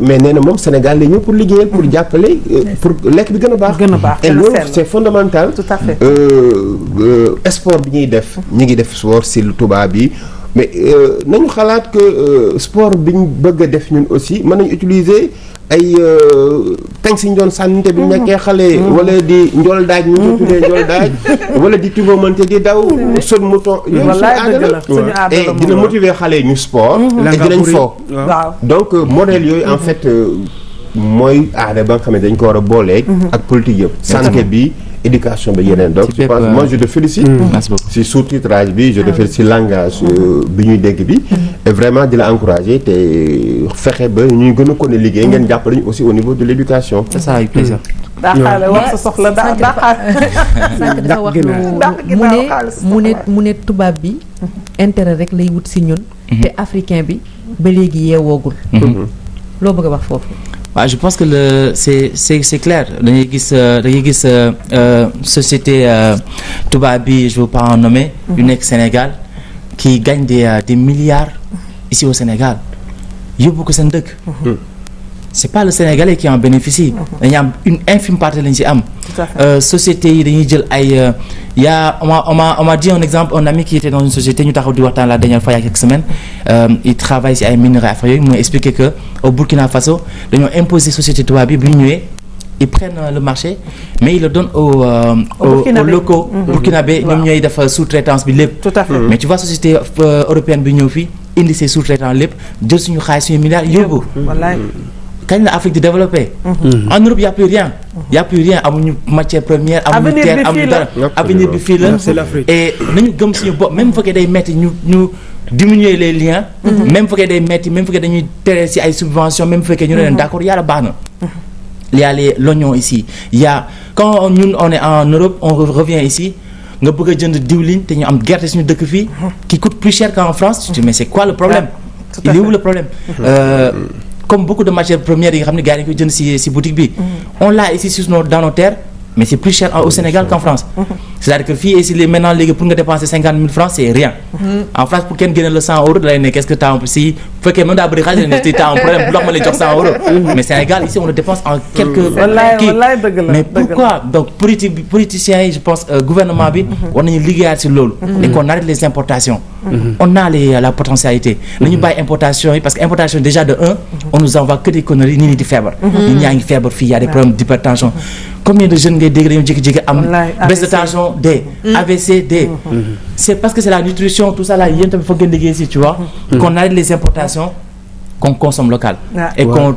mais nee na Sénégal la pour liggéeyal pour jàppale euh, pour lekk bi gën baax c'est fondamental tout à fait euh, euh, sport bi ñuy def ñi ngi def sport si lu tubaab bi mais euh, nañu xalaat que sport bi ñu bëgg def ñun aussi mën nañu utiliser ay kañ euh, si njoon sànnite bi nekkee xale mm-hmm. wala di njool daaj ñu ko mm-hmm. tuddee njool daaj wala di tubamante di daw mm-hmm. sën mouton yooyu suñu aada la et eh, dina motiver xale ñu sport et dinañ foo donc euh, modèle yooyu en fait euh, mooy aada ba nga xam ne dañ ko war a booleeg ak politique yëpp santé bi éducation donc je moi je te félicite mm. si sous-titrage je te ah. félicite langage euh, mm. et vraiment de encourager aussi au niveau de l'éducation c'est ça avec plaisir mm. wax sa soxla intérêt rek lay wut si africain bah, je pense que c'est clair La euh, euh, euh, société Touba je je veux pas en nommer. Mhm. une ex Sénégal qui gagne des milliards ici au Sénégal a c'est pas le sénégalais qui en bénéficie. Mhm. il y a une infime partie de ci Euh, société yi dañuy jël ay euh, y' a on m'a on m'a dit un exemple un ami qui était dans une société nous taxaw dit la dernière fois il y a quelques semaines euh, il travaille à ay minerais affaire Il m'a expliqué que au Burkina Faso ils ont société la société de ñu ils prennent euh, le marché mais ils le donnent aux aux locaux mhm. burkinabé ñoom ñooy def sous-traitance bi mais tu vois société européenne bi ils fii indi sous-traitants Ils jël suñu xaalis suñu milliards yóbbu l'afrique l'Afrique mm-hmm. en Europe y' a plus rien. y' a plus rien une matière première. à terre amuñu dara avenir bi c'est l'afrique et nous, si vous même faut que day metti nous diminuer les liens. Mm-hmm. même bu que day metti même bu fekkee dañuy si ay subventions même bu que ñu mm-hmm. d'accord il y a la banne. il y a les l'oignon ici il y a quand nous on est en Europe on revient ici. nga bëgg a jënd diwlin te ñu am gerte de dëkk qui coûte plus cher qu'en France. tu dis mais c'est quoi le problème. il est où le problème. Euh, comme beaucoup de matières premières si mm-hmm. on l'a ici dans nos terres mais c'est plus cher au Sénégal qu'en France. Mm-hmm. c'est-à-dire que si les maintenant pour dépenser 50 000 francs c'est rien. Mm-hmm. en France pour qu'elle gagne le 100 euros qu'est-ce que en plus faut que même daa bëri xaalis en problème Mais dox ma mais égal. ici on le dépense en quelques mais pourquoi donc politiciens je pense euh, gouvernement on est légal à ce lot et qu'on arrête les importations mhm. on a les euh, la potentialité mhm. nañu pas importation parce que importation déjà de 1, mhm. on nous envoie que des conneries ni des il Il y a une feebar il y a des problèmes d'hypertension combien de jeunes ont des dégrés Des am baisse de tension des AVC des c'est parce que c'est la nutrition tout ça là yéen tamit foog ngeen tu vois qu'on arrête les importations qu'on consomme local Et qu'on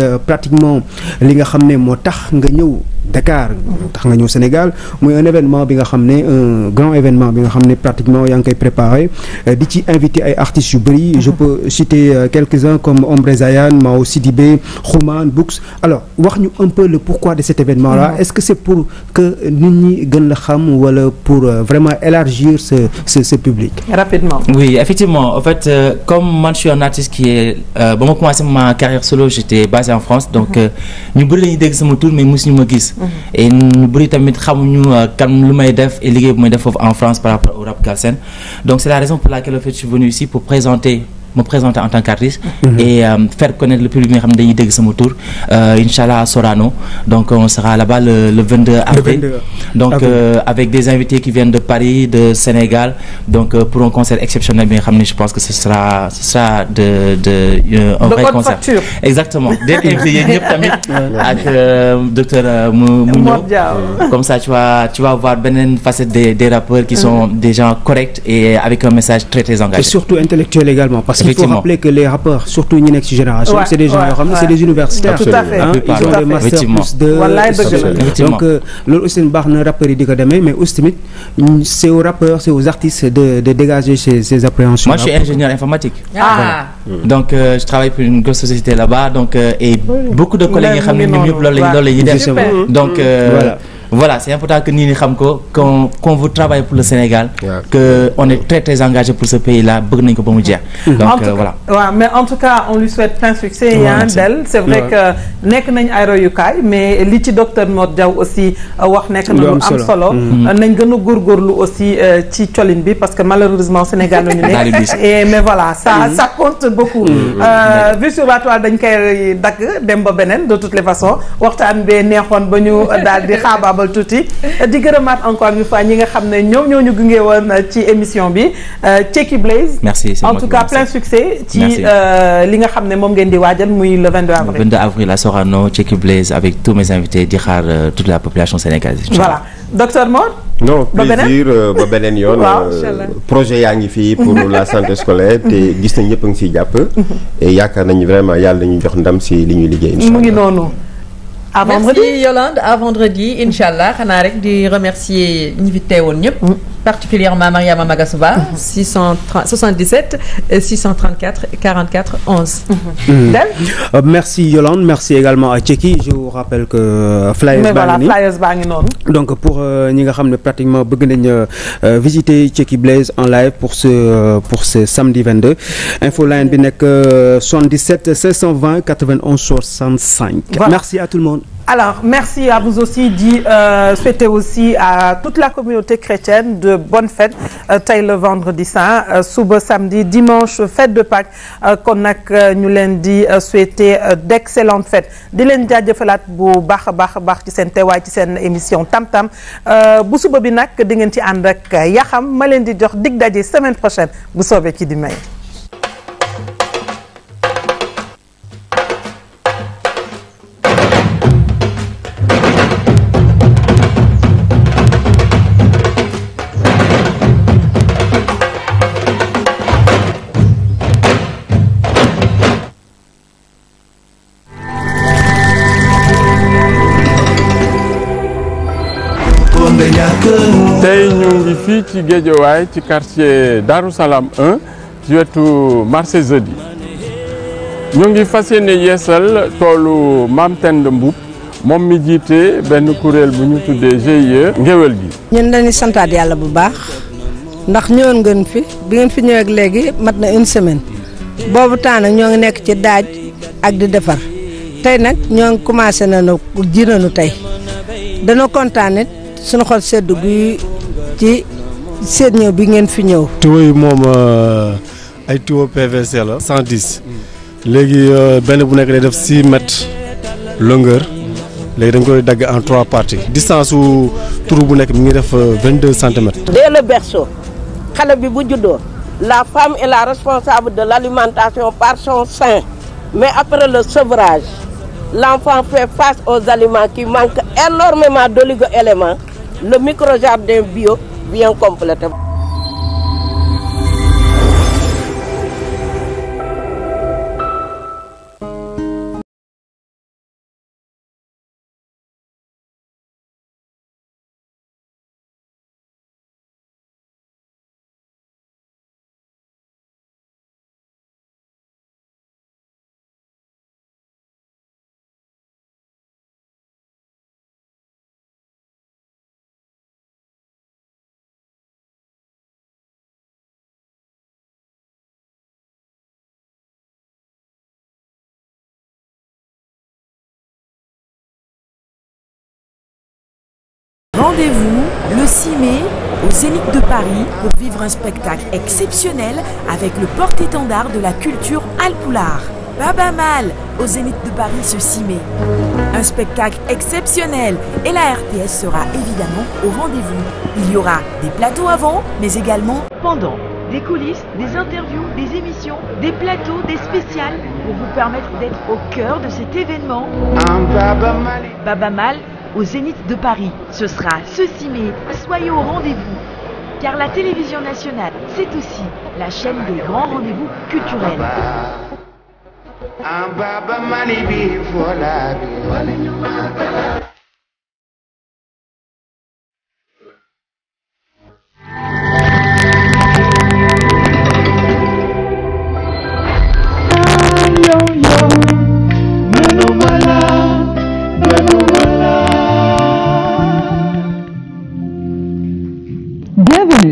pratiquement li nga xam ne moo tax nga ñëw Dakar tax nga ñeu Sénégal mooy un événement bi nga un grand événement bi nga pratiquement préparé euh, di ci invité ay artistes yu je mhm. peux citer euh, quelques-uns comme Ombre Zayan Mao Sidibé Roman, Books alors wax ñu un peu le pourquoi de cet événement là mhm. est-ce que c'est pour que nous ñi gën la xam pour euh, vraiment élargir ce public. rapidement oui effectivement en fait comme moi je suis un artiste qui est bon ma commencé ma carrière solo j'étais basé en France donc mhm. ñu bëri la dégg sama tour mais ñu ma gis. Mm-hmm. et nous brûlons tamit xamuñu euh, kan lu may def et liguey bu may def en France par rapport au rap Kalsen donc c'est la raison pour laquelle je suis venu ici pour présenter me présenter en tant qu'artiste et euh, faire connaître le public de mon tour euh, Inch'Allah Sorano donc on sera là-bas le, 22 avril donc euh, avec des invités qui viennent de Paris de Sénégal donc pour un concert exceptionnel mais je pense que ce sera ça de, de un vrai concert facture. exactement avec docteur Mouno comme ça tu vas tu vas voir une facette des, rappeurs qui sont mm. des gens corrects et avec un message très très engagé et surtout intellectuel également parce parce qu'il faut rappeler que les rappeurs, surtout une next génération, c'est des gens c'est des universitaires. Tout à fait. Hein, ils ont des masters plus Donc euh, rappeurs mais aussi c'est aux rappeurs, c'est aux artistes de de dégager ces ces appréhensions. Moi je suis ingénieur informatique. Ah. Donc euh, je travaille pour une grosse société là-bas donc euh, et beaucoup de collègues qui xam mieux ñoom ñëpp loolu Donc voilà voilà c'est important que nous ñi xam ko qu'on qu'on veut travailler pour le Sénégal. Yeah. que on est très très engagé pour ce pays là bëgg nañ ko ba mu mm-hmm. donc euh, voilà. Ouais, mais en tout cas on lui souhaite plein succès. waaw hein, del c'est vrai que nous nañ ay mais li docteur Modou aussi euh, wax nek am solo. Mm-hmm. Euh, nañ aussi ci parce que malheureusement Sénégal nous ñu et mais voilà ça mm-hmm. ça compte beaucoup. vu sur la toile dañ koy dem ba de toutes les façons waxtan bee neexoon ba ñu di xaba touti encore une fois euh, émission euh, merci en tout cas plein succès. Euh, le 22 avril. à Sorano Checky Blaze avec tous mes invités toute la population sénégalaise. voilà docteur Mor. non plaisir projet magnifique pour la santé scolaire te gis mhm. et vraiment à vendredi merci Yolande à vendredi Inch'Allah. allah xanaa rek di remercier invités. fi teewoon particulièrement à Maria Mamagasova, mm 634 44 11. merci Yolande, merci également à Tcheki. Je vous rappelle que euh, Flyers Mais Donc pour euh, ñi nga pratiquement euh, visiter Tcheki Blaze en live pour ce pour ce samedi 22. Info line 77 620 91 65. Merci à tout le monde. Alors, merci à vous aussi dit, euh, souhaiter aussi à toute la communauté chrétienne de bonnes fêtes euh, Taille le vendredi saint euh, soube samedi dimanche fête de Pâques euh, a que ñu leen di souhaiter d'excellentes fêtes di leen jaajëfalaat bu baax a baax a baax ci seen teewaay émission tam-tam bu suba bi dingenti di yaham ci ànd yaxam ma di dig dadi, semaine prochaine bu soobee ci di may fii ci Guédiawaye ci quartier Darou Salam 1 ci wetu marché jeudi ñu ngi fas yéene yeesal toolu maam Tend Mboup moom mi jiite benn kuréel bu ñu tuddee GIE ngéwél gi. ñun dañuy santaat yàlla bu baax ndax ñëwoon ngeen fi bi ngeen fi ñëwee léegi mat na une semaine boobu temps nag ñoo ngi nekk ci daaj ak di defar tey nag ñoo ngi commencé nañu ji nañu tey dana kontaan it xol sedd gi ci seen ñëw bi ngeen fi ñëw. tuway mom euh, ay tuyaux PVC la. 110 léegi euh, benn bu nek lay def 6 mètres longueur léegi dañ koy dag en trois parties distance su trou bu nek mi ngi def 22 euh, cm dès le berceau la femme est la responsable de l'alimentation par son sein mais après le sevrage l'enfant fait face aux aliments qui manquent énormément d'oligo-éléments le micro-jardin bio. bien complète. Rendez-vous le 6 mai au Zénith de Paris pour vivre un spectacle exceptionnel avec le porte-étendard de la culture Alpoulard. Baba Mal au Zénith de Paris ce 6 mai. Un spectacle exceptionnel et la RTS sera évidemment au rendez-vous. Il y aura des plateaux avant, mais également pendant. Des coulisses, des interviews, des émissions, des plateaux, des spéciales pour vous permettre d'être au cœur de cet événement. Baba Mal au Zénith de Paris. Ce sera ce 6 mai, soyez au rendez-vous, car la télévision nationale, c'est aussi la chaîne des grands rendez-vous culturels.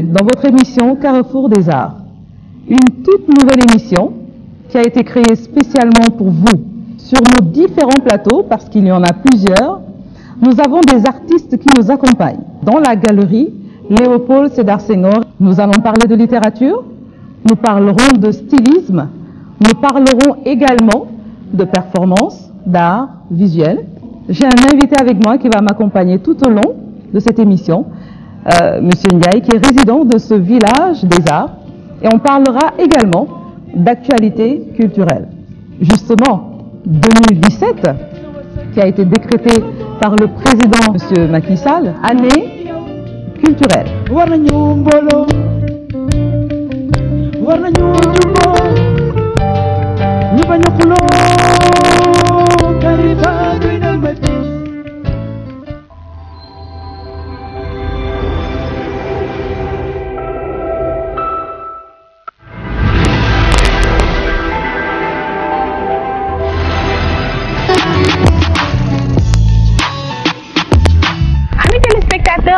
dans votre émission Carrefour des Arts. Une toute nouvelle émission qui a été créée spécialement pour vous. Sur nos différents plateaux, parce qu'il y en a plusieurs, nous avons des artistes qui nous accompagnent. Dans la galerie Léopold Sédar Senghor, nous allons parler de littérature, nous parlerons de stylisme, nous parlerons également de performance, d'art visuel. J'ai un invité avec moi qui va m'accompagner tout au long de cette émission. Euh, Monsieur Ndiaye, qui est résident de ce village des arts. Et on parlera également d'actualité culturelle. Justement, 2017, qui a été décrété par le président M. Macky Sall, année culturelle.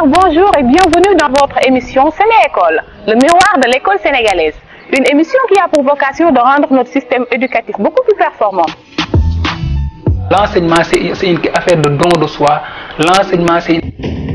bonjour et bienvenue dans votre émission Sénéécole, le miroir de l'école sénégalaise. Une émission qui a pour vocation de rendre notre système éducatif beaucoup plus performant. L'enseignement, c'est une affaire de don de soi. L'enseignement, c'est